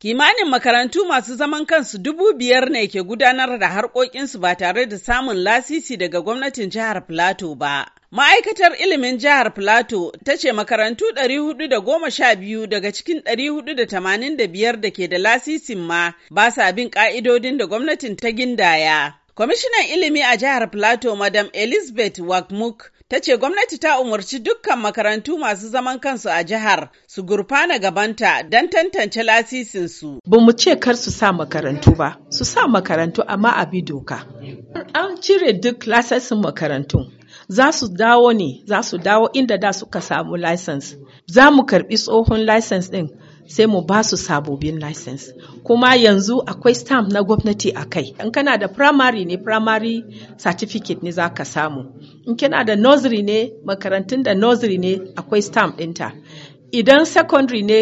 Kimanin makarantu masu zaman kansu dubu biyar ne ke gudanar da harkokinsu ba tare da samun lasisi daga gwamnatin jihar Filato ba. Ma'aikatar ilimin jihar Filato ta ce makarantu 412 daga cikin 485 da ke da lasisin ma ba sa bin ƙa'idodin da gwamnatin ta gindaya. Kwamishinan ilimi a jihar Plateau, Madam Elizabeth Wakmuk, ta ce gwamnati ta umarci dukkan makarantu masu zaman kansu a jihar su gurfana gabanta don tantance lasisinsu. Ba mu ce kar su sa makarantu ba, su sa makarantu amma a bi doka. An cire duk lasisin makarantu. Za su dawo ne, za su dawo inda da suka samu lasis, Za mu karbi tsohon lisens ɗin sai mu ba su sabobin license kuma yanzu akwai stamp na gwamnati a kai in kana da primary ne primary certificate ne za ka samu in kana da nursery ne makarantun da nursery ne akwai stamp ɗinta idan secondary ne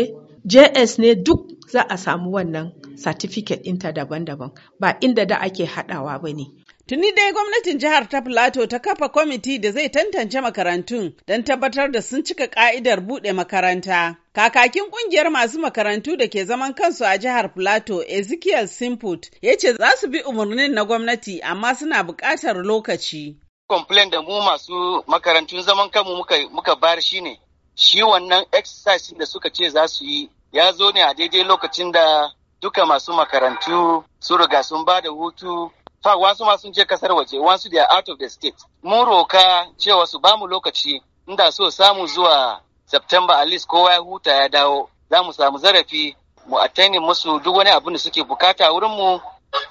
js ne duk za a samu wannan certificate ɗinta daban-daban ba inda da ake haɗawa ba ne Tuni dai gwamnatin jihar ta Filato ta kafa kwamiti da zai tantance makarantun don tabbatar da sun cika ka'idar buɗe makaranta. Kakakin ƙungiyar masu makarantu da ke zaman kansu a jihar Plateau, Ezekiel Simput, ya ce za su bi umarnin na gwamnati amma suna buƙatar lokaci. Complain da mu masu makarantun zaman kanmu muka, muka bayar shi ne, shi wannan exercise da suka ce za su yi ya zo ne a daidai lokacin da duka masu makarantu su riga sun ba da hutu fa wasu ma sun je kasar waje wasu da out of the state mun roka cewa su bamu lokaci inda so samu zuwa September at least kowa ya huta ya dawo za mu samu zarafi mu attending musu duk wani abin da suke bukata wurin mu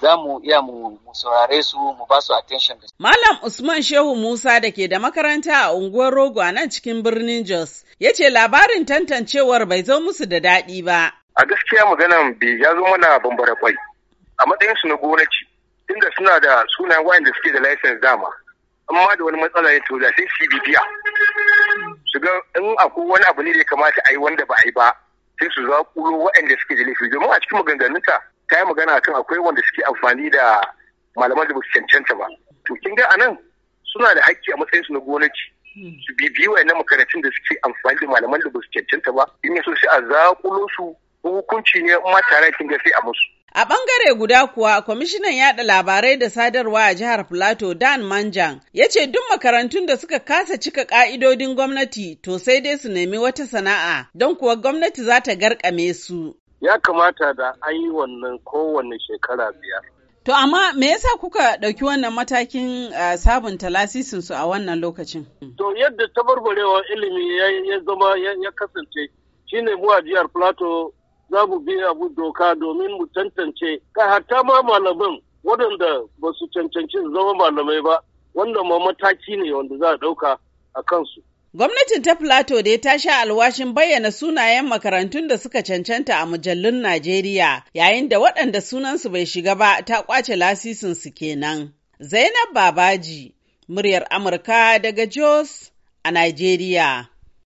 za mu iya mu saurare su mu ba su attention. Malam Usman Shehu Musa da ke da makaranta a unguwar Rogo a nan cikin birnin Jos ya ce labarin tantancewar bai zo musu da daɗi ba. A gaskiya maganan bi ya zo mana bambara kwai. A matsayin su na gonaci tunda suna da suna wayanda suke da license dama amma da wani matsala ya to da sai su bibiya su ga in akwai wani abu ne da ya kamata a yi wanda ba a yi ba sai su za kulo waɗanda suke da laifi domin a cikin maganganunta ta yi magana kan akwai wanda suke amfani da malaman da ba su cancanta ba to kin ga anan suna da hakki a matsayinsu na gwamnati su bibiyi waɗannan makarantun da suke amfani da malaman da ba su cancanta ba in ya so sai a zaƙulo su hukunci ne ma tare kin ga sai a musu A ɓangare guda kuwa, kwamishinan yada labarai da sadarwa a jihar Filato Dan Manjan ya ce duk makarantun da suka kasa cika ƙa'idodin gwamnati to sai dai su nemi wata sana'a don kuwa gwamnati za ta garkame su. Ya kamata da a yi wannan kowane shekara biyar. To amma me yasa kuka ɗauki wannan matakin uh, sabunta lasisin su a wannan lokacin? To yadda tabarbarewa ilimi ya zama ya kasance shine mu a jihar Plateau za mu bi abu doka domin mu tantance ka hatta ma malaman waɗanda ba su cancanci su zama malamai ba wannan ma mataki ne wanda za a ɗauka a kansu. Gwamnatin ta Filato da ta sha alwashin bayyana sunayen makarantun da suka cancanta a mujallun Najeriya yayin da waɗanda sunansu bai shiga ba ta ƙwace lasisinsu kenan. Zainab Babaji, muryar Amurka daga Jos a Najeriya.